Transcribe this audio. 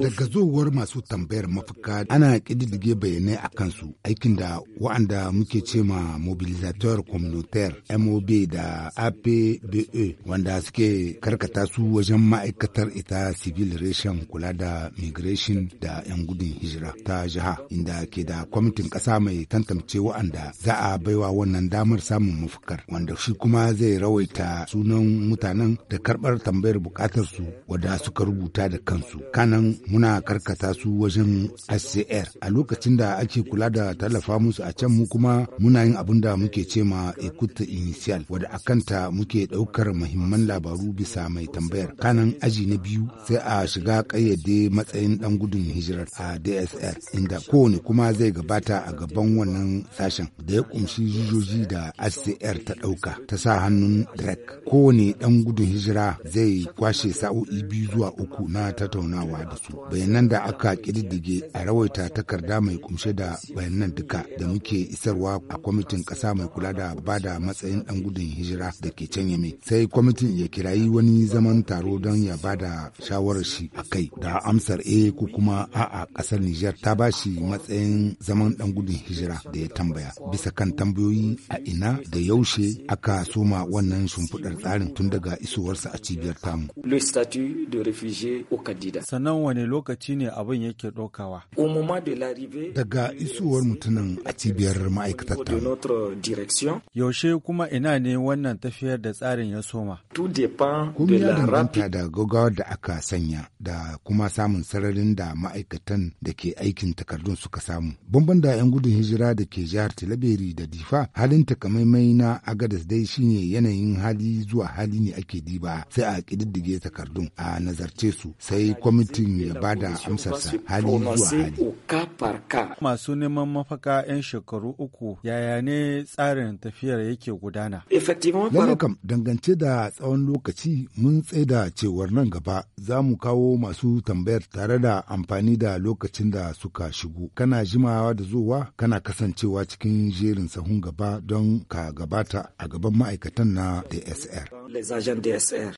Daga zowar masu tambayar mafaka ana ƙididdige bayanai a kansu aikin da wa'anda muke cema mobilizator communautaire MOB da APBE wanda suke karkata su wajen ma'aikatar ita civil reshen. kula da migration da 'yan gudun hijira ta jiha inda ke da kwamitin ƙasa mai tantance wa'anda za a baiwa wannan damar samun mafakar wanda shi kuma zai rawaita sunan mutanen da karɓar tambayar bukatar su wadda suka rubuta da kansu kanan muna karkata su wajen scr a lokacin da ake kula da tallafa musu a can mu kuma muna yin abin da muke ce ma ekuta initial wadda a kanta muke ɗaukar mahimman labaru bisa mai tambayar kanan aji na biyu sai a shiga kayyade matsayin ɗan gudun hijirar a dsr inda kowane kuma zai gabata a gaban wannan sashen da ya kunshi jijoji da scr ta ɗauka ta sa hannun drek kowane ɗan gudun hijira zai kwashe sa'o'i sa'o'i biyu zuwa uku na tattaunawa da su bayanan da aka kididdige a rawaita takarda mai kumshe da bayanan duka da muke isarwa a kwamitin ƙasa mai kula da ba da matsayin ɗan gudun hijira da ke can yame sai kwamitin ya kirayi wani zaman taro don ya ba da shawarar shi a kai da amsar e ko kuma a'a kasar Nijar ta ba shi matsayin zaman ɗan gudun hijira da ya tambaya bisa kan tambayoyi a ina da yaushe aka soma wannan shimfiɗar tsarin tun daga isowarsa a cibiyar tamu. Le statut de réfugiés au Kadida. Sannan wane lokaci ne abin yake ɗaukawa? Daga isuwar mutumin a cibiyar ma'aikatar ta. Yaushe kuma ina ne wannan tafiyar da tsarin ya soma? Kuma ya danganta da gaugawar da aka sanya da kuma samun sararin da ma'aikatan da ke aikin takardun suka samu. Bamban da 'yan gudun hijira da ke jihar Tilaberi da Difa halin takamaimai na Agadez dai shine yanayin hali zuwa hali ne ake diba sai a ƙididdige takardun a nazarce su sai kwamitin ya ba da amsarsa hali zuwa hali. Masu neman mafaka 'yan shekaru uku yaya ne tsarin tafiyar yake gudana? Lalle kam dangance da tsawon lokaci mun tsaida cewar nan gaba za mu kawo masu tambayar tare da amfani da lokacin da suka shigo. Kana jimawa da zuwa kana kasancewa cikin jerin sahun gaba don ka gabata a gaban ma'aikatan na DSR.